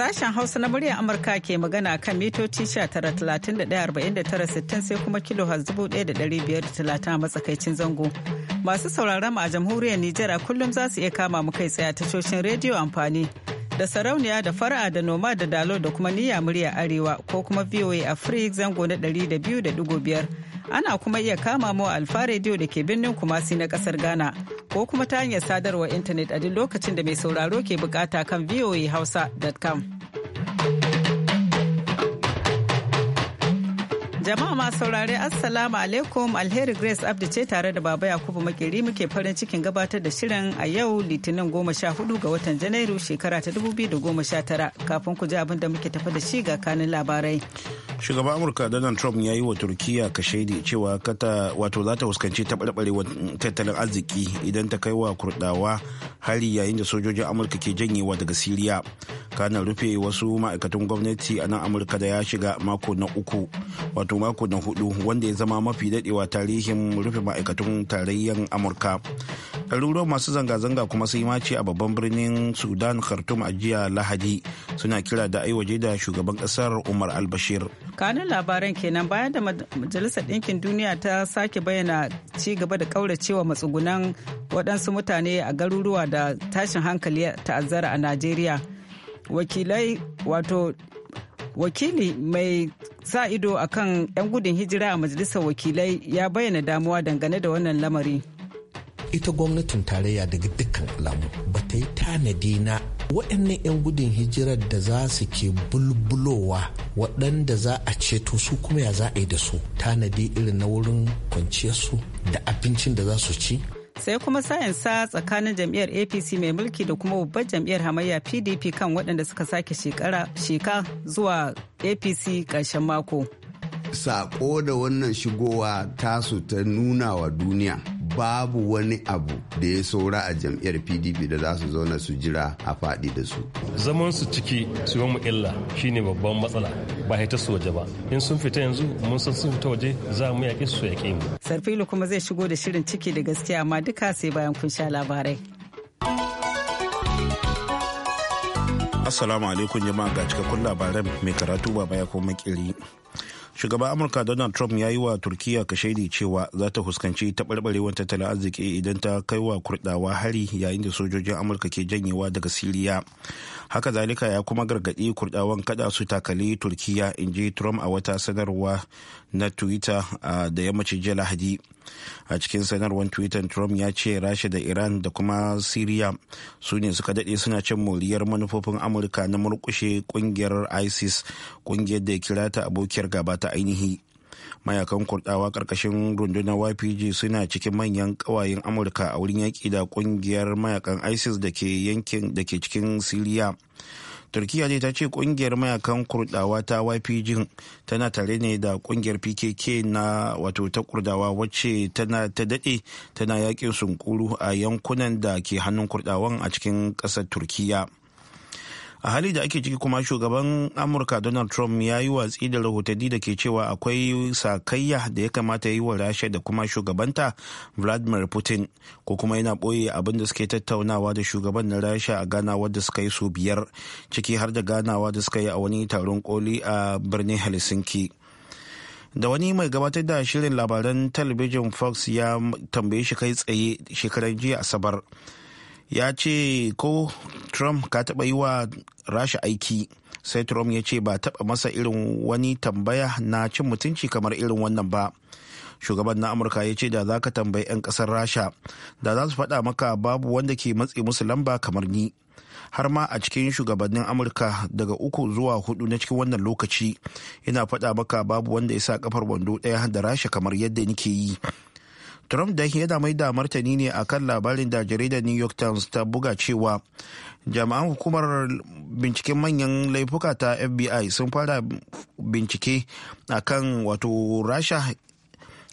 Sashen Hausa na muryar Amurka ke magana kan mitoci 19,31,49,60 sai kuma kilo a matsakaicin zango. Masu sauraron a jamhuriyar Nijar a kullum za su iya kama mu kai tsaye ta tashoshin rediyo amfani da sarauniya da fara'a da noma da dalo da kuma niyya murya arewa ko kuma VOA free zango na 200.5 ana kuma iya kama mu alfa rediyo da ke birnin kumasi na kasar ghana ko kuma ta hanyar sadarwar intanet a duk lokacin da mai sauraro ke bukata kan voahausa.com. Jama'a masu saurare Assalamu alaikum Alheri Grace Abdi ce tare da Baba Yakubu Makeri muke farin cikin gabatar da shirin a yau Litinin goma sha hudu ga watan Janairu shekara ta dubu biyu da goma sha tara kafin ku ji abin da muke tafi da shi ga kanin labarai. Shugaban Amurka Donald Trump ya yi wa turkiya Turkiyya shaidi cewa kata wato za ta fuskanci taɓarɓarewar tattalin arziki idan ta kai wa kurdawa hari yayin da sojojin Amurka ke janyewa daga Siriya. Kana rufe wasu ma'aikatan gwamnati a nan Amurka da ya shiga mako na uku wato mako na hudu wanda ya zama mafi dadewa tarihin rufe ma'aikatun tarayyar amurka ɗaruruwan masu zanga-zanga kuma sai mace a babban birnin sudan khartoum a jiya lahadi suna kira da aiwaje da shugaban ƙasar umar albashir kanun labaran kenan bayan da majalisar ɗinkin duniya ta sake bayyana ci gaba da ƙauracewa matsugunan waɗansu mutane a garuruwa da tashin hankali ta'azzara a najeriya wakilai wato wakili mai sa ido akan 'yan gudun hijira a majalisar wakilai ya bayyana damuwa dangane da wannan lamari ita gwamnatin tarayya daga dukkan alamu ba ta yi tanadi na waɗannan 'yan gudun hijira da za su ke bulbulowa waɗanda za a ceto su kuma ya za a yi da su tanadi irin na wurin kwanciyarsu da abincin da za su ci sai kuma sa tsakanin jam'iyyar apc mai mulki da kuma babbar jam'iyyar hamayya pdp kan waɗanda suka sake sheka zuwa apc ƙarshen mako saƙo da wannan shigowa tasu ta nuna wa duniya babu wani abu da ya saura a jam'iyyar pdp da za su zauna su jira a faɗi da su zaman su ciki su yi mu illa shine babban matsala ba haita su waje ba in sun fita yanzu mun san sun fita waje za mu yaƙi su yaƙe mu sarfilu kuma zai shigo da shirin ciki da gaskiya amma duka sai bayan kun sha labarai assalamu alaikum jama'a ga cikakkun labaran mai karatu baba ya koma makiri shugaban amurka donald trump ya yi wa turkiya shaidi cewa za ta fuskanci taɓarɓarewar tattalin arziki idan ta kai wa kurdawa hari yayin da sojojin amurka ke janyewa daga siriya haka zalika ya kuma gargaɗi kurdawan kada su takali turkiya in ji trump a wata sanarwa na twitter da yammacin jiya lahadi a cikin sanarwar twitter trump ya ce rasha da iran da kuma syria su ne suka dade suna cin moriyar manufofin amurka na murkushe kungiyar isis kungiyar da ya kira ta abokiyar gaba ta ainihi mayakan kurdawa karkashin rundunar ypg suna cikin manyan kawayen amurka a wurin yaƙi da kungiyar mayakan isis da ke yankin da ke cikin syria. turkiya ne ta ce kungiyar mayakan kurdawa ta ypg tana tare ne da kungiyar pkk na wato ta kurdawa wacce tana ta dade tana yakin sunkuru a yankunan da ke hannun kurdawan a cikin kasar turkiya a hali da ake ciki kuma shugaban amurka donald trump ya yi watsi da rahotanni da ke cewa akwai sakayya da ya kamata ya yi wa rasha da kuma shugabanta vladimir putin ko kuma yana boye abin da suke tattaunawa da shugaban na rasha a ganawa da suka yi su biyar ciki har da ganawa da suka yi a wani taron koli a birnin helsinki da wani mai gabatar da shirin labaran talabijin fox ya tambaye shi kai tsaye shekaran jiya asabar ya ce ko trump ka taba yi wa rasha aiki sai trump ya ce ba taba masa irin wani tambaya na cin mutunci kamar irin wannan ba shugaban na amurka ya ce da za ka tambayi 'yan kasar rasha da za su faɗa maka babu wanda ke matse musu lamba kamar ni har ma a cikin shugabannin amurka daga uku zuwa hudu na cikin wannan lokaci yana faɗa maka babu wanda ya sa kafar wando ɗaya da rasha kamar yadda nike yi Trump da yana mai da martani ne a kan labarin da jaridar New York Times ta buga cewa jami'an hukumar binciken manyan laifuka ta FBI sun fara bincike a kan wato Rasha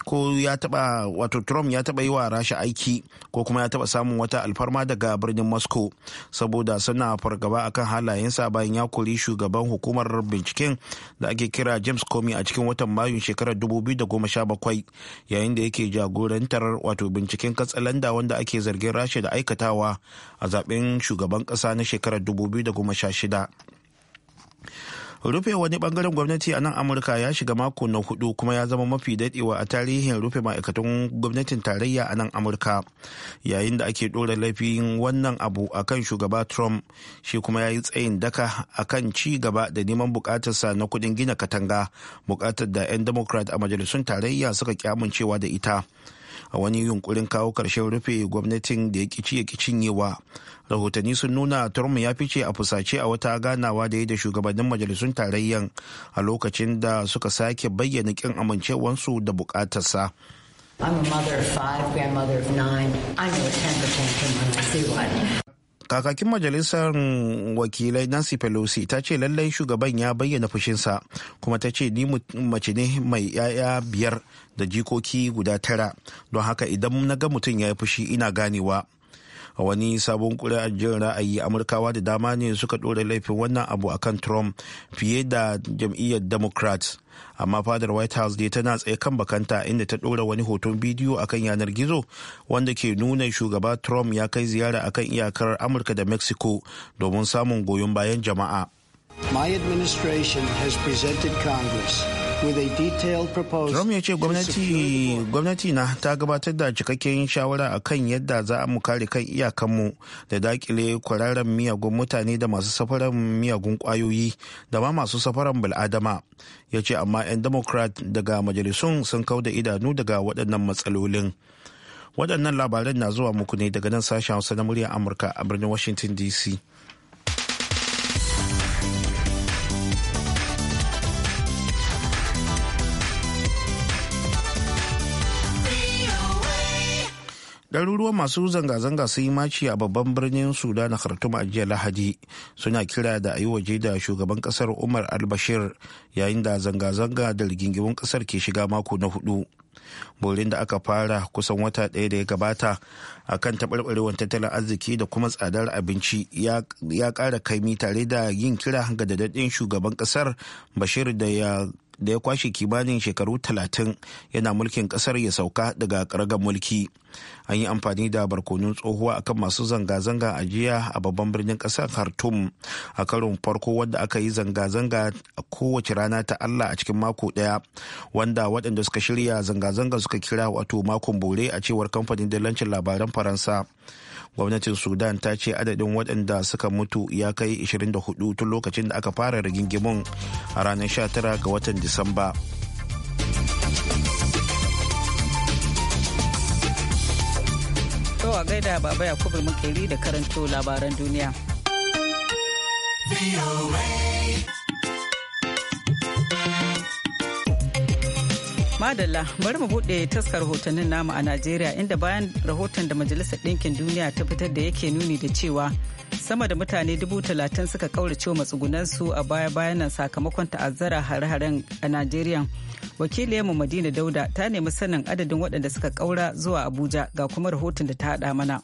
ko ya taba wato trump ya taba yi wa rasha aiki ko kuma ya taba samun wata alfarma daga birnin moscow saboda suna fargaba akan halayensa bayan ya kori shugaban hukumar binciken da ake kira james comey a cikin watan mayun shekarar 2017 yayin da yake jagorantar wato binciken katsalanda wanda ake zargin rasha da aikatawa a zaben shugaban kasa na shekarar 2016 rufe wani bangaren gwamnati a nan amurka ya shiga mako na hudu kuma ya zama mafi dadewa a tarihin rufe ma'aikatan gwamnatin tarayya a nan amurka yayin da ake dora laifin wannan abu a kan shugaba trump shi kuma ya yi tsayin daka a kan ci gaba da neman bukatarsa na kudin gina katanga bukatar da 'yan democrat a majalisun tarayya suka kyamun cewa da ita a wani yunkurin kawo ƙarshen rufe gwamnatin da ya kici ya cinyewa rahotanni sun nuna trump ya fice a fusace a wata ganawa da ya da shugabannin majalisun tarayyan a lokacin da suka sake bayyana kin amincewansu da bukatarsa. kakakin majalisar wakilai nancy pelosi ta ce lallai shugaban ya bayyana fushinsa kuma ta ce ni mace ne mai yaya biyar da jikoki guda tara don haka idan na ga mutum ya yi fushi ina ganewa a wani sabon kuri'ar jin ra'ayi amurkawa da dama ne suka ɗora laifin wannan abu akan trump fiye da jam'iyyar democrats amma fadar white house dai tana tsaye kan bakanta inda ta ɗora wani hoton bidiyo akan yanar gizo wanda ke nuna shugaba trump ya kai ziyara akan iyakar amurka da mexico domin samun goyon bayan jama'a my administration has presented congress Trump ya ce gwamnati na ta gabatar da cikakken shawara a kan yadda za mu kare kan iyakanmu da dakile kwararren miyagun mutane da masu safaran miyagun kwayoyi da ma masu safaran bil'adama. Ya ce amma 'yan Democrat daga majalisun sun kau da idanu daga waɗannan matsalolin. Waɗannan labaran na zuwa muku ne daga nan sashen Hausa na muryar Amurka a birnin Washington DC. ɗaruruwan masu zanga-zanga sun yi maci a babban birnin sudan khartoum a jiya lahadi suna kira da a yi waje da shugaban kasar umar albashir yayin da zanga-zanga da rigingimun kasar ke shiga mako na hudu borin da aka fara kusan wata ɗaya da ya gabata a kan taɓarɓarewar tattalin arziki da kuma tsadar abinci ya ƙara kaimi tare da yin kira ga dadaɗin shugaban ƙasar bashir da ya da ya kwashe kimanin shekaru talatin yana mulkin kasar ya sauka daga karagar mulki an yi amfani da barkonin tsohuwa akan masu zanga-zanga a jiya a babban birnin kasar khartoum a karon farko wanda aka yi zanga-zanga a kowace rana ta allah a cikin mako daya wanda waɗanda suka shirya zanga-zanga suka kira wato makon bore a cewar kamfanin dalancin labaran faransa gwamnatin sudan ta ce adadin waɗanda suka mutu ya kai 24 tun lokacin da aka fara rigingimun a ranar 19 ga watan disamba a gaida baba yakubu makeri da karanto labaran duniya. Madalla bari mu buɗe taskar rahotonin namu a Najeriya inda bayan rahoton da Majalisar Ɗinkin Duniya ta fitar da yake nuni da cewa sama da mutane dubu talatin suka kaurace matsugunansu a baya bayan nan sakamakon ta'azzara hare-haren a Najeriya. Wakiliyarmu Madina Dauda ta nemi sanin adadin waɗanda suka kaura zuwa Abuja ga kuma rahoton da ta haɗa mana.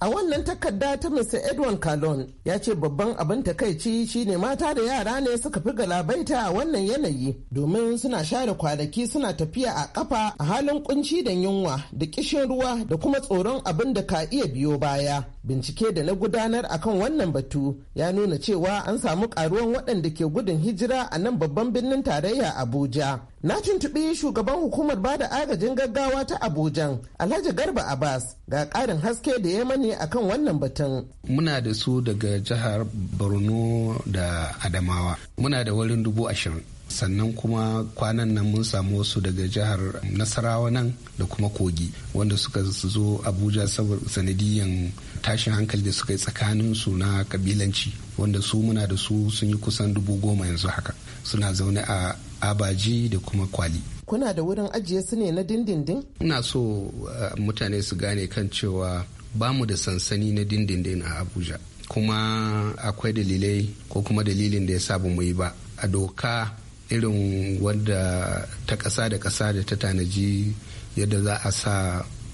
A wannan takarda ta Mr. Edwin Calon ya ce babban abin takaici shine mata da yara ne suka fi galabaita a wannan yanayi domin suna share kwanaki suna tafiya a kafa a halin kunci da yunwa da kishin ruwa da kuma tsoron abin da ka iya biyo baya. bincike da na gudanar akan wannan batu ya nuna cewa an samu karuwan waɗanda ke gudun hijira a nan babban birnin tarayya abuja na tuntuɓi shugaban hukumar bada agajin gaggawa ta abujan alhaji garba abbas ga ƙarin haske da ya mani akan wannan batun muna da su daga jihar borno da adamawa muna da wurin dubu ashirin sannan kuma kwanan nan mun samu wasu daga jihar nasarawa nan da kuma kogi wanda suka zo abuja saboda sanadiyan tashin hankali da suka yi tsakanin su na kabilanci wanda su muna da su sun yi kusan dubu goma yanzu haka suna zaune a abaji da kuma kwali kuna da wurin ajiye su ne na dindindin ina so eh, mutane su gane kan cewa ba mu da sansani na dindindin a abuja kuma akwai dalilai ko kuma dalilin da ya sa mu yi ba a doka irin wanda ta ƙasa da ƙasa da ta tanaji yadda za a sa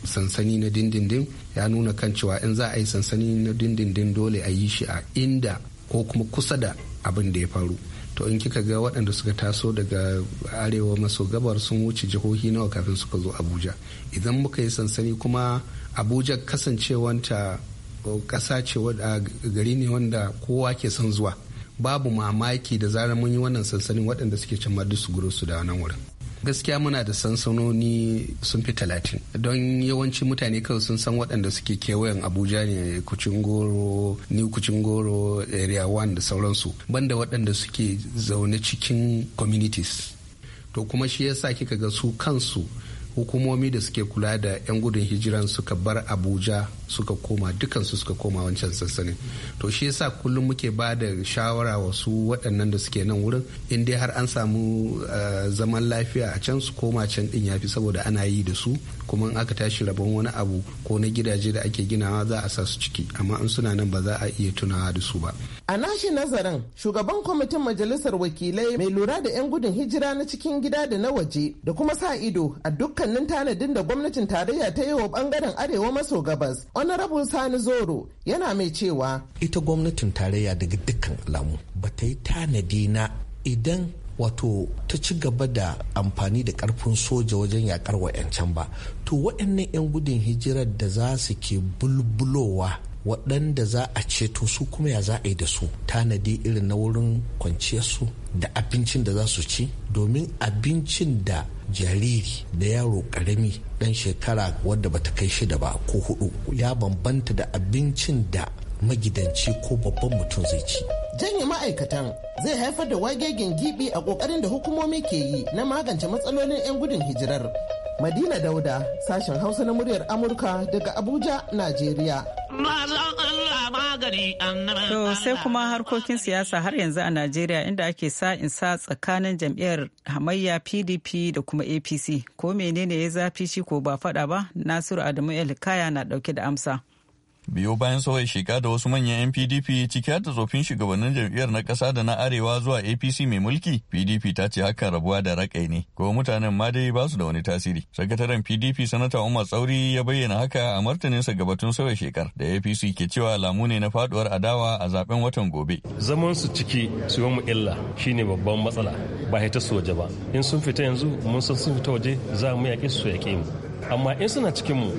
sansani na dindindin ya nuna kan cewa in za a yi sansani na dindindin dole a yi shi a inda ko kuma kusa da abin da ya faru to in kika ga waɗanda suka taso daga arewa maso gabar sun wuce jihohi nawa kafin suka zo abuja idan muka yi sansani kuma abuja kasancewanta ƙasa ce gari ne wanda kowa ke son zuwa babu mamaki da zarar mun yi wannan sansanin waɗanda suke can ma su gurosu su da nan wurin gaskiya muna da sansanoni sun fi talatin don yawanci mutane kawai sun san waɗanda suke kewayen abuja ne kucingoro new goro area one da sauransu banda waɗanda suke zaune cikin communities to kuma shi yasa kika ga su kansu hukumomi da suke kula da 'yan gudun hijiran suka bar abuja suka koma dukansu suka koma wancan sassanin to shi yasa kullum muke ba da shawara su waɗannan da suke nan wurin in dai har an samu eh, zaman lafiya a can su koma can din yafi saboda ana yi da su kuma in aka tashi rabon wani abu ko na gidaje da ake ginawa za a sa su ciki amma in suna nan ba za a iya tunawa da su ba a nashi nazarin shugaban kwamitin majalisar wakilai mai lura da 'yan gudun hijira na cikin gida da na waje da kuma sa ido a dukkanin tanadin da gwamnatin tarayya ta yi wa bangaren arewa maso gabas honorable sani zoro yana mai cewa ita gwamnatin tarayya daga dukkan alamu ba ta yi tanadi na idan wato ta ci gaba da amfani da karfin soja wajen yakar wa'yancan ba to waɗannan 'yan gudun hijirar da za su ke bulbulowa waɗanda za a ceto su kuma ya za a yi da su tanadi irin na wurin kwanciyarsu da abincin da za su ci domin abincin da jariri da yaro karami dan shekara wadda bata kai shida ba ko hudu ya bambanta da abincin da magidanci ko babban mutum zai ci. janye ma'aikatan zai haifar da wagegen gibi a kokarin da hukumomi ke yi na magance matsalolin 'yan gudun hijirar madina dauda sashen hausa na muryar amurka daga abuja najeriya To sai kuma harkokin siyasa har yanzu a Najeriya inda ake sa in sa tsakanin jam'iyyar hamayya PDP da kuma APC. Ko menene ya zafi shi ko ba faɗa ba? Nasiru Adamu El Kaya na ɗauke da amsa. biyo bayan sauya sheka da wasu manyan 'yan pdp ciki har da tsofin shugabannin jam'iyyar na ƙasa da na arewa zuwa apc mai mulki pdp ta ce hakan rabuwa da rakai ne ko mutanen ma dai ba su da wani tasiri sakataren pdp sanata umar tsauri ya bayyana haka a martaninsa ga batun sauya shekar da apc ke cewa alamu ne na faduwar adawa a zaben watan gobe zaman su ciki su yi mu illa shine babban matsala ba ta su waje ba in sun fita yanzu mun san sun fita waje za mu yaƙe su yaƙe mu amma in suna cikin mu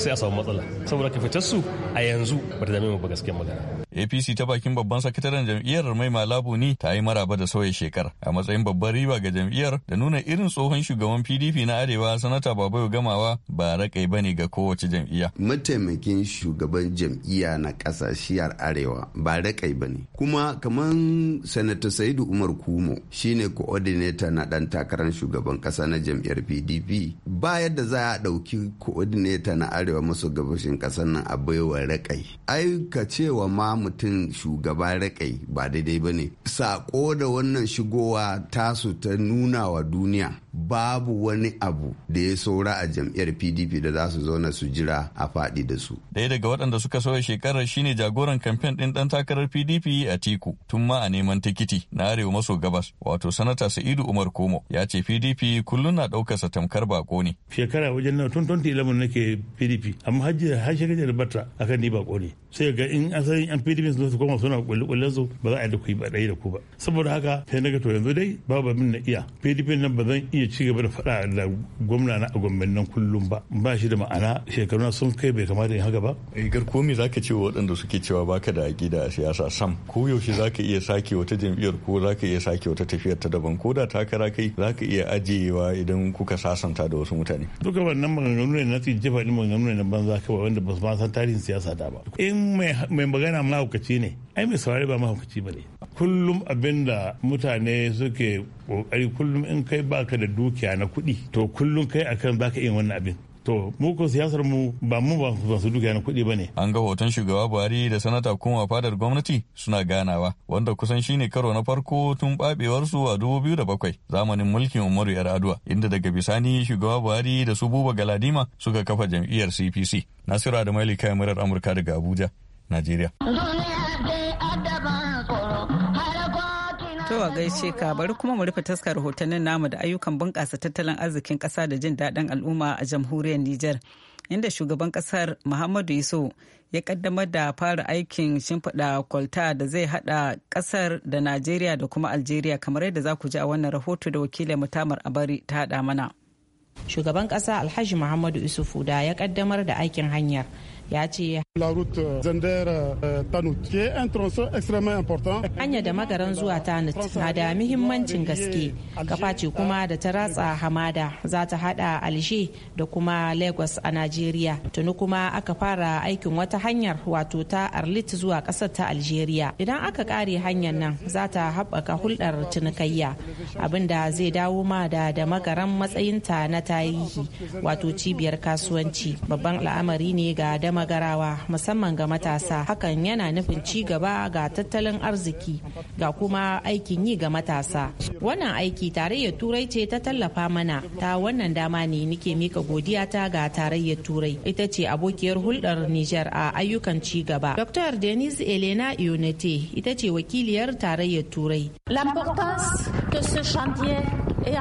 sai a samu matsala saboda ka fitar su a yanzu ba ta mu ba gaskiyar magana apc ta bakin babban sakataren jam'iyyar mai malabu ne ta yi maraba da sauya shekar a matsayin babban riba ga jam'iyyar da nuna irin tsohon shugaban pdp na arewa sanata babayo gamawa ba rakai bane ga kowace jam'iyya mataimakin shugaban jam'iyya na kasashiyar arewa ba rakai bane kuma kamar sanata saidu umar kumo shine coordinator na dan takarar shugaban kasa na jam'iyyar pdp ba yadda za a dauki coordinator na arewa maso gabashin kasar nan a baiwa rakai ai ma mutum shugaba rakai ba daidai ba ne sako da wannan shigowa tasu ta nuna wa duniya babu wani abu da ya saura a jam'iyyar pdp da za su zauna su jira a faɗi da su ɗaya daga waɗanda suka sauya shekarar shine jagoran kamfen ɗin ɗan takarar pdp a tiku tun ma a neman tikiti na arewa maso gabas wato sanata sa'idu umar komo ya ce pdp kullum na ɗaukarsa tamkar bako ne shekara wajen nan tun 2011 nake pdp pdp amma hajji hashe gaje da bata akan ni ba ne sai ga in an yan pdp sun su koma suna kulle kullen su ba za a yi da ku ba da ku ba saboda haka sai na ga to yanzu dai ba babu min na iya pdp nan ba zan iya ci gaba da faɗa da gwamna na a gwamnan nan kullum ba ba shi da ma'ana na sun kai bai kamata in haka ba eh, garko me zaka ce wa waɗanda suke cewa baka da aƙida a siyasa sam ko yaushe zaka iya sake wata jam'iyyar ko zaka iya sake wata tafiyar ta daban ko da takara kai zaka iya ajiyewa idan kuka sasanta da wasu mutane duka wannan maganganu ne na tsince faɗi maganganu nuna na banza kawai wanda ba ma san tarihin siyasa da ba in mai magana mahaukaci ne ai mai saurari ba mahaukaci ba ne kullum abinda mutane suke kokari kullum in kai baka da dukiya na kuɗi to kullum kai akan baka yin wannan abin to mu ko siyasar mu ba mu ba su duka na kuɗi bane an ga hoton shugaba Buhari da sanata kuma fadar gwamnati suna ganawa wanda kusan shi ne karo na farko tun babewar su a bakwai zamanin mulkin Umaru Yar'adua inda daga bisani shugaba Buhari da su Buba Galadima suka kafa jam'iyyar CPC Nasiru Adamali kai murar Amurka daga Abuja Najeriya To a gaishe ka bari kuma mu rufe taskar rahotannin namu da ayyukan bunƙasa tattalin arzikin ƙasa da jin daɗin al'umma a jamhuriyar Nijar. Inda shugaban ƙasar Muhammadu Yusuf ya kaddamar da fara aikin shimfiɗa kwalta da zai haɗa ƙasar da Najeriya da kuma Algeria kamar yadda za ku ji a wannan rahoto da wakilin mutamar Abari ta haɗa mana. Shugaban ƙasa Alhaji Muhammadu Isufu da ya kaddamar da aikin hanyar ya ce hanya da magaran zuwa tanut na da muhimmancin gaske kafa ce kuma da ta ratsa hamada za ta hada Alger da kuma lagos a Nigeria, tuni kuma aka fara aikin wata hanyar wato ta arlit zuwa kasar ta algeria idan aka kare hanyar nan za ta haɓaka hulɗar cinikayya da zai dawo ma da da magaran matsayinta na tarihi wato cibiyar kasuwanci babban al'amari ne ga dama magarawa musamman ga matasa hakan yana nufin ci gaba ga tattalin arziki ga kuma aikin yi ga matasa wannan aiki tarayyar turai ce ta tallafa mana ta wannan dama ne nike mika godiya ta ga tarayyar turai ita ce abokiyar hulɗar niger a ayyukan ci gaba dr denise elena ionete ita ce wakiliyar tarayyar turai Eh,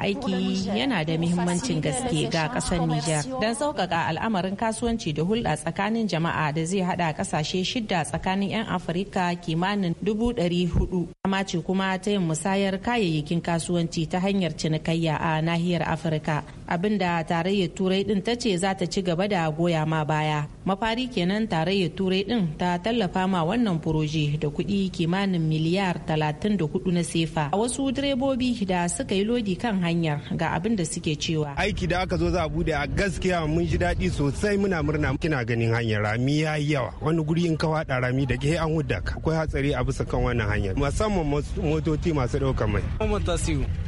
Aiki yana da muhimmancin gaske ga ƙasar Nijar don sauƙaƙa al'amarin kasuwanci da hulɗa tsakanin jama'a da zai haɗa ƙasashe shidda tsakanin 'yan Afirka kimanin dubu ɗari hudu. Kama ce kuma ta yin musayar kayayyakin kasuwanci ta hanyar cinikayya a nahiyar Afirka. Abinda tarayyar Turai ɗin ta ce za ta ci gaba da goya ma baya. Mafari kenan tarayyar Turai ɗin ta tallafa ma wannan furoje da kuɗi kimanin miliyar talatin da 34 na sefa. A wasu direbobi da suka yi lodi kan hanyar ga abin da suke cewa aiki da aka zo za a bude a gaskiya mun ji daɗi sosai muna murna kina ganin hanyar rami ya yi yawa wani guri in ka waɗa rami da ke an wuda ka akwai hatsari a bisa kan wannan hanyar musamman motoci masu ɗaukar mai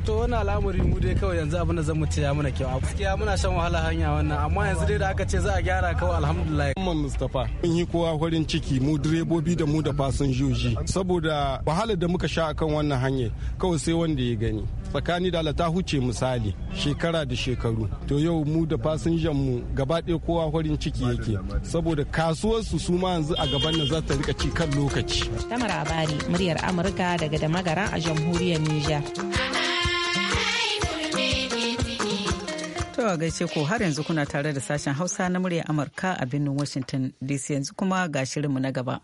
to wani al'amari mu dai kawai yanzu abin da zamu ce ya mana kyau gaskiya muna shan wahala hanya wannan amma yanzu dai da aka ce za a gyara kawai alhamdulillah Muhammad Mustafa mun yi kowa farin ciki mu direbobi da mu da fasinjoji saboda wahalar da muka sha akan wannan hanyar kawai sai sai wanda ya gani tsakani da Allah ta huce misali shekara da shekaru to yau mu da fasinjan mu gaba ɗaya kowa farin ciki yake saboda kasuwar su su ma yanzu a gaban nan za ta rika ci kan lokaci Tamara Abari muryar Amurka daga da magara a jamhuriyar nija To a gaishe ko har yanzu kuna tare da sashen Hausa na muryar Amurka a birnin Washington DC yanzu kuma ga shirinmu na gaba.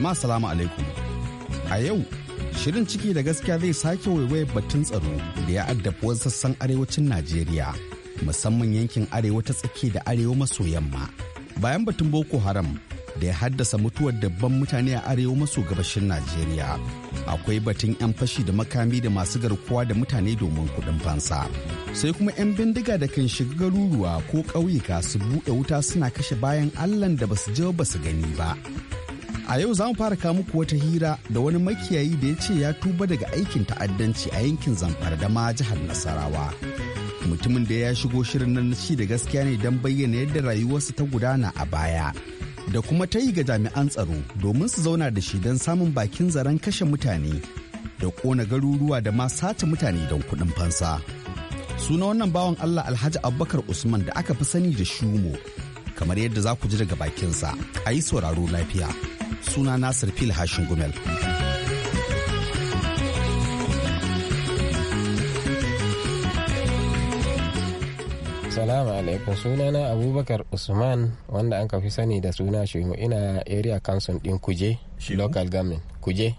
Jama'a salamu alaikum. A yau, shirin ciki da gaskiya zai sake waiwaye batun tsaro da ya addabi wasu sassan arewacin Najeriya, musamman yankin arewa ta tsaki da arewa maso yamma. Bayan batun Boko Haram da ya haddasa mutuwar dabban mutane a arewa maso gabashin Najeriya. Akwai batun 'yan fashi da makami da masu garkuwa da mutane domin kuɗin fansa. Sai kuma 'yan bindiga da kan shiga garuruwa ko ƙauyuka su buɗe wuta suna kashe bayan Allahn da basu je ba su gani ba. A yau za mu fara kawo muku wata hira da wani makiyayi da ya ce ya tuba daga aikin ta'addanci a yankin Zamfara da ma jihar Nasarawa. Mutumin da ya shigo shirin nan shi da gaskiya ne don bayyana yadda rayuwarsa ta gudana a baya. Da kuma ta yi ga jami'an tsaro domin su zauna da shi don samun bakin zaren kashe mutane da kona garuruwa da ma sata mutane don kuɗin fansa. Suna wannan bawan Allah Alhaji Abubakar Usman da aka fi sani da Shumo, kamar yadda za ku ji daga bakinsa, a yi sauraro lafiya. suna Nasir Fil Hashin Gumel. Salamu alaikum sunana Abubakar Usman wanda an kafi sani da suna shimu ina area council din Kuje local government Kuje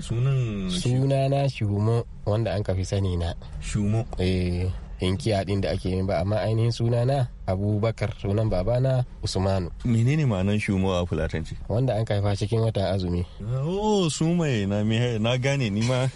sunana Shumo wanda an kafi sani na Shumo eh inkiya din da ake yin ba amma ainihin sunana abubakar sunan babana usmanu menene ma'anan shumo a fulatanci wanda an kaifa cikin watan azumi oh su mai na na gane ni ma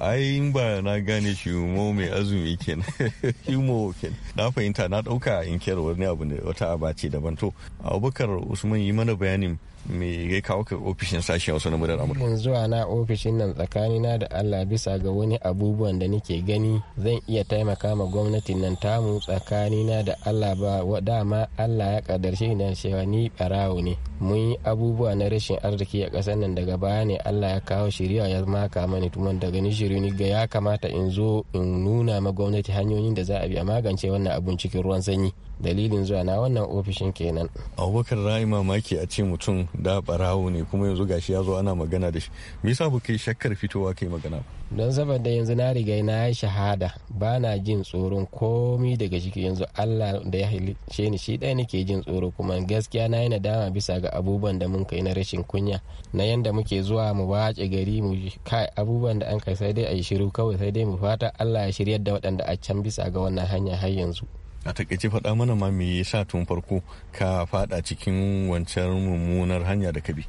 ai ba na gane shumo mai azumi kenan shumo kenan na fahimta na dauka inkiyar wani abu ne wata aba ce daban to abubakar usman yi mana bayanin me ya kawo ka ofishin sashen wasu na murar amurka mun zuwa na ofishin nan tsakanina da allah bisa ga wani abubuwan da nake gani zan iya taimaka ma gwamnatin nan tamu tsakanina da allah ba wa dama allah ya kadarce ni cewa ni barawo ne mun yi abubuwa na rashin arziki a ƙasar nan daga baya ne allah ya kawo shirya ya maka mani tuman daga ni shirin ni ga ya kamata in zo in nuna ma gwamnati hanyoyin da za a bi a magance wannan abun cikin ruwan sanyi dalilin zuwa na wannan ofishin kenan abubakar rayu mamaki a ce mutum da barawo ne kuma yanzu gashi ya zo ana magana da shi me yasa ba kai shakkar fitowa kai magana don saboda yanzu na riga na yi shahada ba na jin tsoron komi daga ciki yanzu allah da ya halice ni shi ɗaya nake jin tsoro kuma gaskiya na yi nadama bisa ga abubuwan da mun kai na rashin kunya na yanda muke zuwa mu wace gari mu kai abubuwan da an kai sai dai a yi shiru kawai sai dai mu fata allah ya shiryar da waɗanda a can bisa ga wannan hanya har yanzu a takaice faɗa mana ma me yasa tun farko ka faɗa cikin wancan mummunar hanya da ka bi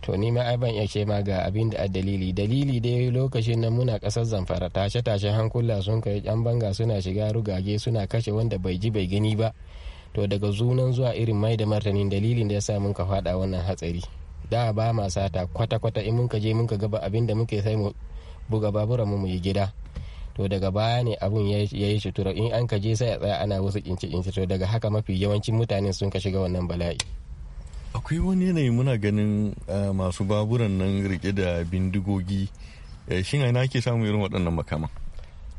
to ni ma ai ban ce ma ga abin da dalili dalili dai lokacin nan muna kasar zamfara tashe tashe hankula sun kai yan banga suna shiga rugage suna kashe wanda bai ji bai gani ba to daga zunan zuwa irin mai da martanin dalilin da ya sa mun ka faɗa wannan hatsari da ba ma sata kwata kwata in mun ka je mun ka gaba abin da muke sai mu buga babura mu yi gida to daga baya ne abun ya yi sutura in an kaje sai a tsaya ana wasu kince kince to daga haka mafi yawancin mutane sun ka shiga wannan bala'i akwai wani yanayi muna ganin eh, masu baburan nan rike da bindigogi eh, shin aina ake samun irin waɗannan makaman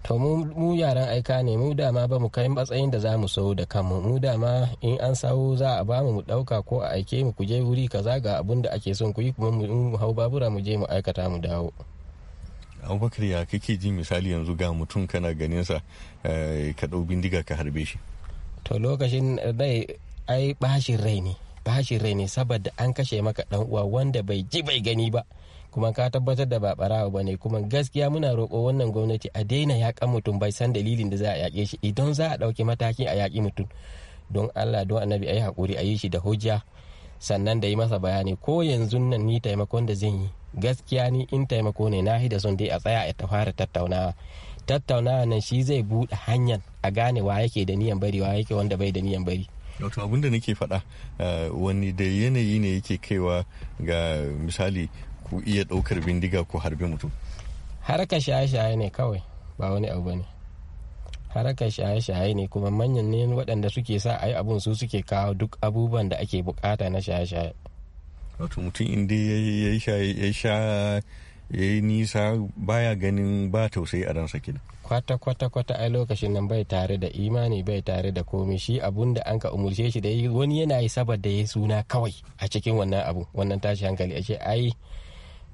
to mu yaran aika ne mu dama ba mu kai matsayin da za mu sau da kanmu mu dama in an sawo za a ba mu mu ɗauka ko a aike mu ku je wuri kaza ga abun da ake son ku yi kuma mu hau babura mu je mu aikata mu dawo abubakar ya kake ji misali yanzu ga mutum kana ganinsa eh, ka ɗau bindiga ka harbe shi to lokacin dai ai bashin rai ne bashin rai ne saboda an kashe maka dan uwa wanda bai ji bai gani ba kuma ka tabbatar da ba barawa ba ne kuma gaskiya muna roƙo wannan gwamnati a daina yaƙan mutum bai san dalilin da za a yaƙe shi idan za a ɗauki mataki a yaƙi mutum don allah don annabi a yi haƙuri a yi shi da hujja sannan da yi masa bayani ko yanzu nan ni taimakon da zan yi gaskiya ni in taimako ne na da son dai a tsaya a ta fara tattaunawa tattaunawa nan shi zai buɗe hanyar a gane wa yake da niyan bari wa yake wanda bai da niyan bari wato abin da nake faɗa eh, wani da yanayi ne yake kaiwa ga misali ku iya ɗaukar bindiga ko harbe mutum harkar shaye-shaye ne kawai ba wani abu ne harkar shaye-shaye ne kuma manyan ne waɗanda suke sa ayi abun su suke kawo duk abubuwan da ake bukata na shaye-shaye wato mutum inda ya sha ya yi nisa baya ganin ba tausayi a ransa kenan kwata kwata kwata ai lokacin nan bai tare da imani bai tare da komai shi abun da an ka umurce shi da wani yana yi da ya suna kawai a cikin wannan abu wannan tashi hankali ashe ai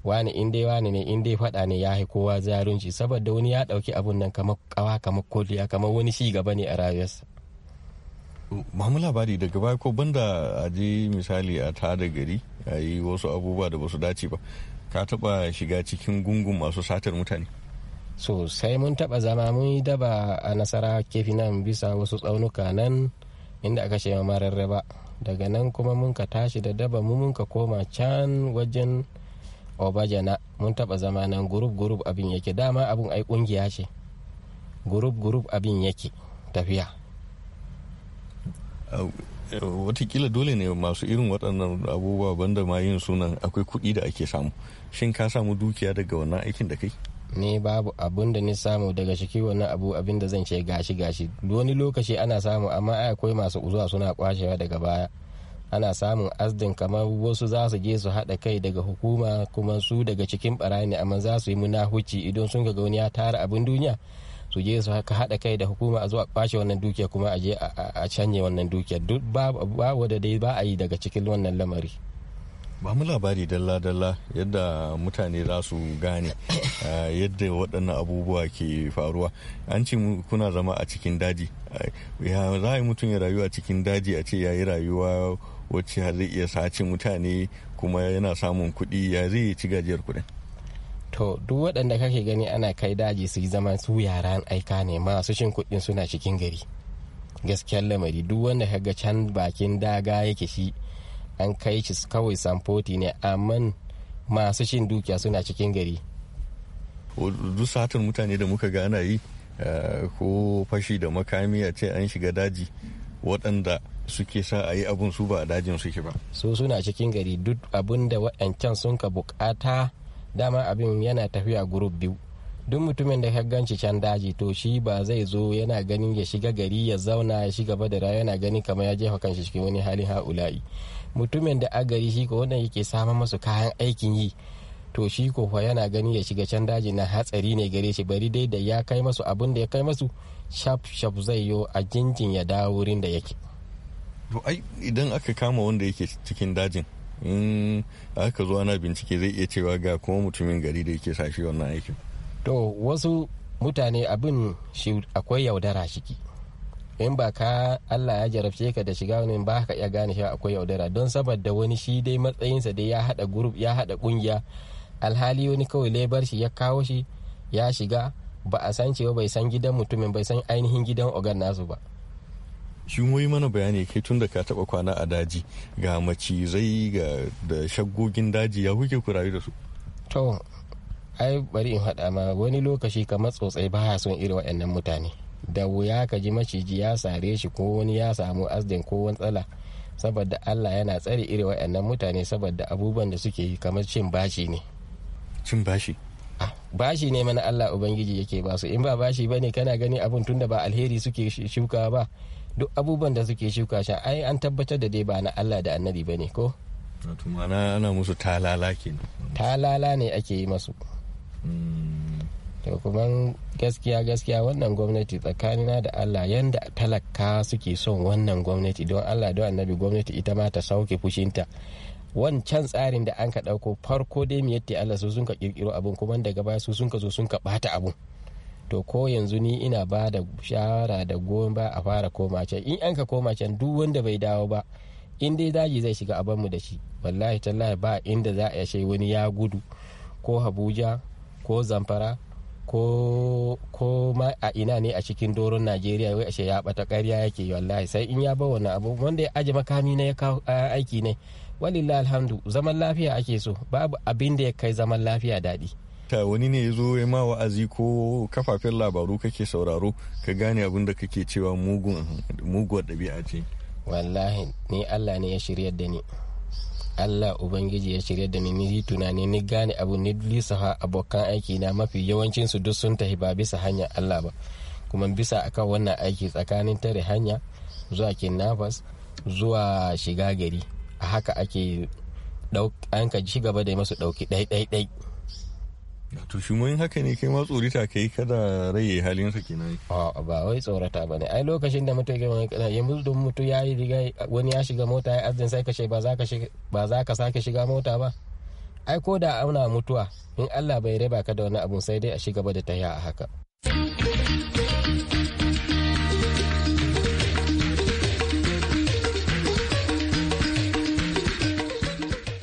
wani in dai ne in dai faɗa ne ya kowa zarunci saboda wani ya ɗauki abun nan kamar kawa kamar kodiya kamar wani shi gaba ne a rayuwarsa mamu labari daga baya ko banda a je misali a ta tada gari a yi wasu abubuwa da basu dace ba ka taba shiga cikin gungun masu satar mutane so sai mun taba zama mun yi daba a nasara kefi nan bisa wasu tsaunuka nan inda aka shema mararraba daga nan kuma mun ka tashi da daba mu mun ka koma can wajen obajana mun taba zama nan gurub gurub abin yake dama abin ai kungiya ce gurub gurub abin yake tafiya watakila dole ne masu irin waɗannan abubuwa banda ma yin sunan akwai kuɗi da ake samu shin ka samu dukiya daga wannan aikin da kai ne babu abun da ni samu daga ciki wani abu abin da zan ce gashi gashi wani lokaci ana samu amma akwai masu zuwa suna kwashewa daga baya ana samun asdin kamar wasu za su je su haɗa kai daga hukuma kuma su daga cikin ne amma za su yi munahuci idan sun ga wani ya tara abin duniya su je su haka haɗa kai da hukuma a zo a kwashe wannan dukiya kuma a je a canye wannan dukiya duk babu da dai ba a yi daga cikin wannan lamari ba mu labari dalla-dalla yadda mutane za su gane eh, yadda waɗannan abubuwa ke faruwa an ce kuna zama a cikin daji eh, ya za yi mutum ya rayuwa cikin daji a ce ya yi rayuwa wacce har zai iya sace mutane kuma yana samun kuɗi ya zai ci gajiyar kuɗin to duk waɗanda kake gani ana kai daji su yi zama su yaran aika ne masu shin kuɗin suna cikin gari gaskiyar lamari duk wanda kaga can bakin daga yake shi an kai shi kawai samfoti ne amma masu shin dukiya suna cikin gari duk satin mutane da muka ga ana yi eh, ko fashi da makami a ce an shiga daji waɗanda suke sa a yi abun su ba a dajin suke ba so suna cikin gari duk abun da waɗancan sun ka bukata dama abin yana tafiya group biyu duk mutumin da ka ganci can daji to shi ba zai zo yana ganin ya shiga gari ya zauna ya shiga da rayuwa yana ganin kamar ya jefa kanshi cikin wani halin ha'ula'i mutumin da a gari shi ko wanda yake samun masu kayan aikin yi to shi ko fa yana gani ya shiga can daji na hatsari ne gare shi bari dai da ya kai masu abin da ya kai masu shaf shaf zai yo a jinjin ya dawo wurin da yake to ai idan aka kama wanda yake cikin dajin in aka zo ana bincike zai iya cewa ga kuma mutumin gari da yake sashi wannan aikin to wasu mutane abin akwai yaudara shiki in ba ka Allah ya jarabce ka da shiga wani ba ka iya gane shi akwai yaudara don saboda wani shi dai matsayinsa dai ya hada group ya hada kungiya alhali wani kawai lebar shi ya kawo shi ya shiga ba a san cewa bai san gidan mutumin bai san ainihin gidan ogan nasu ba shi yi mana bayani kai tun da ka taba kwana a daji ga macizai ga da shaggogin daji ya kuke ku rayu da su to ai bari in haɗa ma wani lokaci kamar tsotsai ba son irin waɗannan mutane da wuya ka ji maciji ya sare shi ko wani ya samu asdin ko wani tsala saboda allah yana tsare irin waɗannan mutane saboda abubuwan da suke yi kamar cin bashi ne cin bashi bashi ne mana allah ubangiji yake ba su in ba bashi ne kana gani abun tunda ba alheri suke shukawa ba duk abubuwan da suke shuka shi ai an tabbatar da dai ba na Allah da annabi bane ko wato ma'ana ana musu talala ke talala ne ake yi masu mm. to kuma gaskiya gaskiya wannan gwamnati tsakanina da Allah yanda talaka suke son wannan gwamnati don Allah da annabi gwamnati ita ma ta sauke fushinta wancan tsarin da an ka ɗauko farko dai mu yadda Allah su sun ka kirkiro abun kuma daga baya su sun ka zo sun ka bata abun to ko yanzu ni ina ba da shawara da goyon ba a fara koma can in an ka koma can duk wanda bai dawo ba in dai daji zai shiga a abanmu da shi wallahi tallahi ba inda za a shai wani ya gudu ko habuja ko zamfara ko ma a ina ne a cikin doron najeriya wai ashe ya bata ƙarya yake wallahi sai in ya ba wannan abu wanda ya aji makami na ya kawo aiki ne walillah alhamdu zaman lafiya ake so babu abin da ya kai zaman lafiya daɗi ta wani ne ya zo ya ma wa'azi ko kafafen labaru kake sauraro ka gane abin da kake cewa muguwar ɗabi'a ce wallahi ni allah ne ya shirya da ni allah ubangiji ya shirya da ni ni tunani ni gane abu ni lisafa abokan aiki na mafi yawancin su duk sun tafi ba bisa hanya allah ba kuma bisa akan wannan aiki tsakanin tare hanya zuwa kinnafas zuwa shiga gari a haka ake an ka ci gaba da masu ɗauki ɗai ɗai ɗai to shi haka ne kai ma tsorita kai kada raye halinsa kenan a ba wai tsorata bane ai lokacin da mutum ya mutu mutu ya yi riga wani ya shiga mota ya azin sai ka ce ba za ka ba za sake shiga mota ba ai ko da auna mutuwa in Allah bai raba ka da wani abu sai dai a shiga ba da tahiya a haka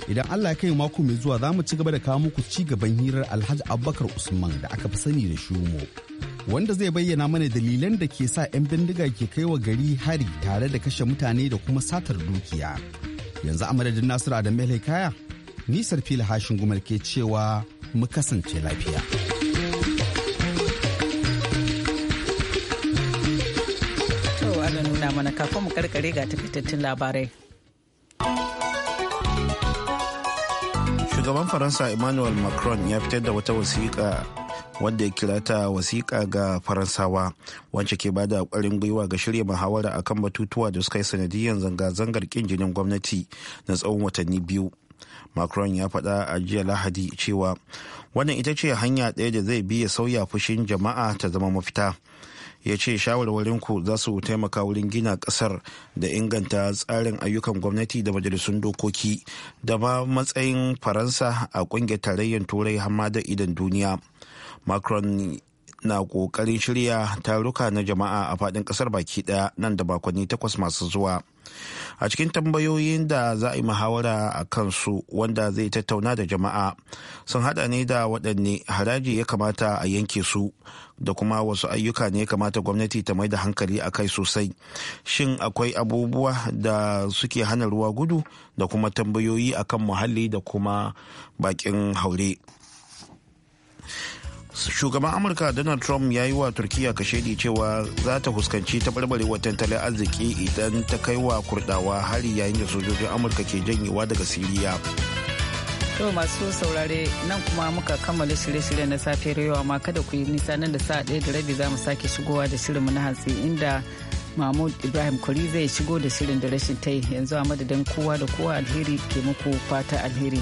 idan Allah ya kai mako mai zuwa za mu ci gaba da kawo muku ci gaban hirar Alhaji Abubakar Usman da aka fi sani da Shumo wanda zai bayyana mana dalilan da ke sa 'yan bindiga ke kai wa gari hari tare da kashe mutane da kuma satar dukiya. Yanzu a madadin Nasiru Adam Kaya, nisar fili Hashin gumar ke cewa mu kasance lafiya. To, ana nuna mana kafin mu karkare ga takaitattun labarai. shugaban faransa emmanuel macron ya fitar da wata wasiƙa wanda ya kira ta wasiƙa ga faransawa wacce ke ba da ƙwarin gwiwa ga shirya muhawara akan batutuwa da suka yi sanadiyyar zanga-zangar kin jinin gwamnati na tsawon watanni biyu macron ya faɗa a jiya lahadi cewa wannan ita ce hanya ɗaya da zai bi ya sauya fushin jama'a ta zama mafita ya ce shawarwarinku za su taimaka wurin gina kasar da inganta tsarin ayyukan gwamnati da majalisun dokoki da ma matsayin faransa a kungiyar tarayyar turai hamada idan duniya macron na ƙoƙarin shirya taruka na jama'a a faɗin ƙasar baki ɗaya nan da bakonni takwas masu zuwa. A cikin tambayoyin da za a yi muhawara a kansu wanda zai tattauna da jama'a sun haɗa ne da waɗanne haraji ya kamata a yanke su da kuma wasu ayyuka ne ya kamata gwamnati ta mai da hankali a kai sosai. Shin akwai abubuwa da suke hana ruwa gudu da kuma tambayoyi akan muhalli da kuma bakin haure. shugaban amurka donald trump ya yi wa turkiya kashedi cewa za ta fuskanci watan tattalin arziki idan ta kai wa kurdawa hari yayin da sojojin amurka ke janyewa daga siriya To masu saurare nan kuma muka kammala shirye-shirye na safiyar yau amma kada ku yi nisa nan da sa'a ɗaya da rabi za mu sake shigowa da shirinmu na hatsi inda Mahmud Ibrahim Kuri zai shigo da shirin da rashin tai yanzu a madadin kowa da kowa alheri ke muku fata alheri.